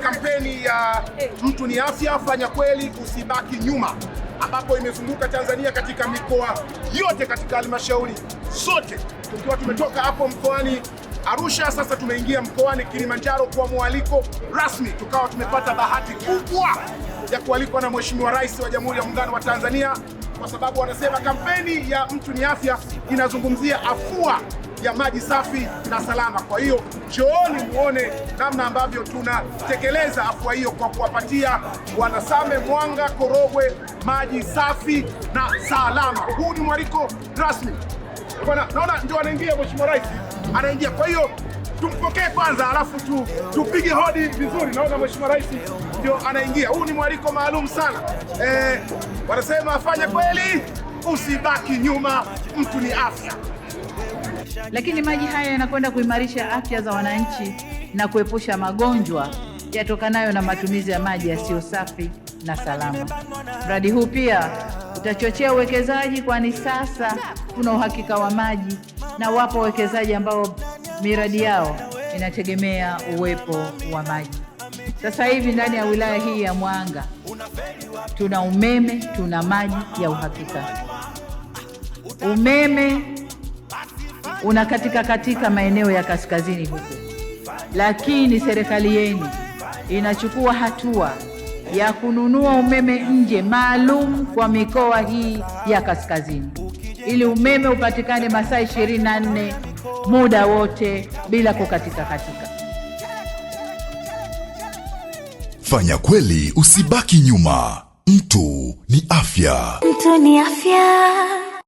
kampeni ya mtu ni afya, fanya kweli, usibaki nyuma, ambapo imezunguka Tanzania katika mikoa yote, katika halmashauri zote, tukiwa tumetoka hapo mkoani Arusha, sasa tumeingia mkoani Kilimanjaro kwa mwaliko rasmi. Tukawa tumepata bahati kubwa ya kualikwa na Mheshimiwa Rais wa Jamhuri ya Muungano wa Tanzania, kwa sababu wanasema kampeni ya mtu ni afya inazungumzia afua ya maji safi na salama. Kwa hiyo njooni muone namna ambavyo tunatekeleza afua hiyo kwa kuwapatia wanasame Mwanga Korogwe maji safi na salama. Huu ni mwaliko rasmi bwana, naona ndio anaingia Mheshimiwa Rais anaingia. Kwa hiyo tumpokee kwanza, alafu tu, tupige hodi vizuri. Naona Mheshimiwa Rais ndio anaingia. Huu ni mwaliko maalum sana eh, wanasema afanye kweli, usibaki nyuma, mtu ni afya lakini maji haya yanakwenda kuimarisha afya za wananchi na kuepusha magonjwa yatokanayo na matumizi ya maji yasiyo safi na salama. Mradi huu pia utachochea uwekezaji, kwani sasa tuna uhakika wa maji na wapo wawekezaji ambao miradi yao inategemea uwepo wa maji. Sasa hivi ndani ya wilaya hii ya Mwanga tuna umeme, tuna maji ya uhakika. Umeme unakatika katika maeneo ya kaskazini huko, lakini serikali yenu inachukua hatua ya kununua umeme nje maalum kwa mikoa hii ya kaskazini ili umeme upatikane masaa 24 muda wote bila kukatika katika. Fanya kweli, usibaki nyuma. Mtu ni afya, mtu ni afya.